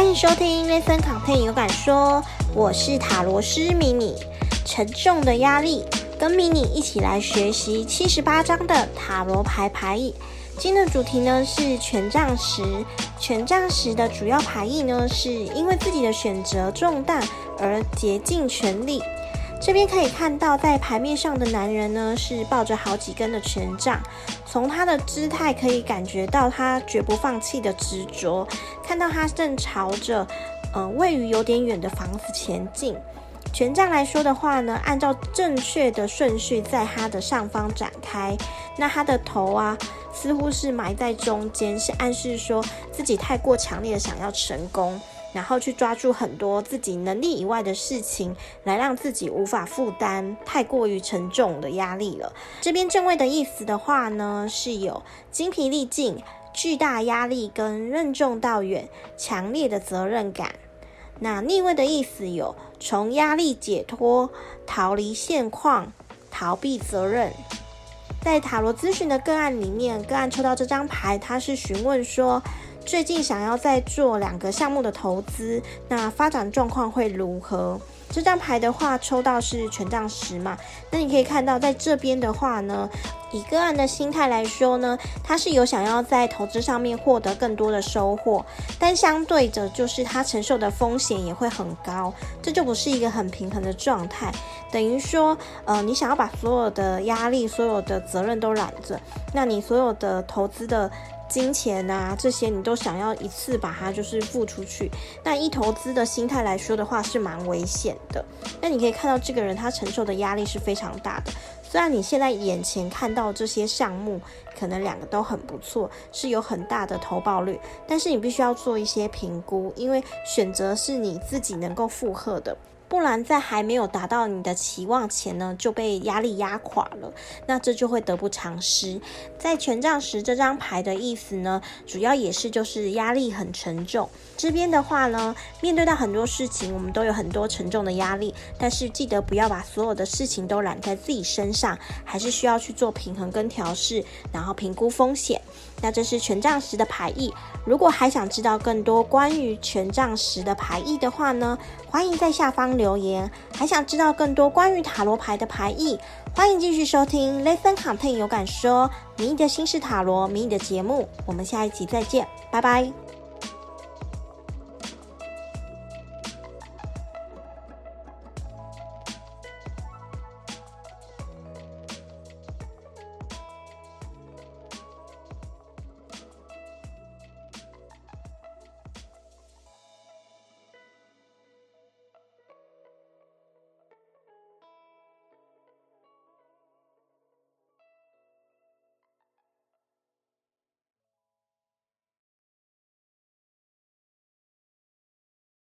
歡迎收聽《ListenContent 有感說》，我是塔羅師迷你。沉重的壓力，跟迷你一起來學習七十八張的塔羅牌牌意。今天的主題呢是權杖十，權杖十的主要牌意呢是因為自己的選擇重大而竭盡全力。這邊可以看到，在牌面上的男人呢，是抱着好幾根的權杖。從他的姿態可以感覺到他絕不放棄的執着。看到他正朝着，嗯、呃，位於有點遠的房子前進。權杖來說的話呢，按照正確的順序，在他的上方展開。那他的頭啊，似乎是埋在中間，是暗示說自己太過強烈的想要成功。然後去抓住很多自己能力以外的事情，來讓自己無法負擔太過於沉重的壓力了。這邊正位的意思的話呢，是有精疲力盡、巨大壓力跟任重道遠、強烈的責任感。那逆位的意思有從壓力解脫、逃離現況、逃避責任。在塔羅諮詢的個案裡面，個案抽到這張牌，他是詢問說。最近想要再做兩個項目的投資，那發展狀況會如何？這張牌的話抽到是權杖十嘛，那你可以看到，在這邊的話呢，以個案的心態來說呢，他是有想要在投資上面獲得更多的收穫，但相對的，就是他承受的風險也會很高，這就不是一個很平衡的狀態。等於說，呃，你想要把所有的壓力、所有的責任都攬着，那你所有的投資的。金錢啊，這些你都想要一次把它就是付出去，那以投資的心態來說的話是蠻危險的。那你可以看到這個人他承受的壓力是非常大的。雖然你現在眼前看到這些項目可能兩個都很不錯，是有很大的投報率，但是你必須要做一些評估，因為選擇是你自己能夠負荷的。不然，在還沒有達到你的期望前呢，就被壓力壓垮了，那這就會得不償失。在權杖十這張牌的意思呢，主要也是就是壓力很沉重。這邊的話呢，面對到很多事情，我們都有很多沉重的壓力，但是記得不要把所有的事情都攬在自己身上，還是需要去做平衡跟調適，然後評估風險。那這是權杖十的牌意。如果還想知道更多關於權杖十的牌意的話呢，歡迎在下方留言。還想知道更多關於塔羅牌的牌意，歡迎繼續收聽《ListenContent 有感說迷你的心事塔羅迷你》的節目。我們下一集再見，拜拜。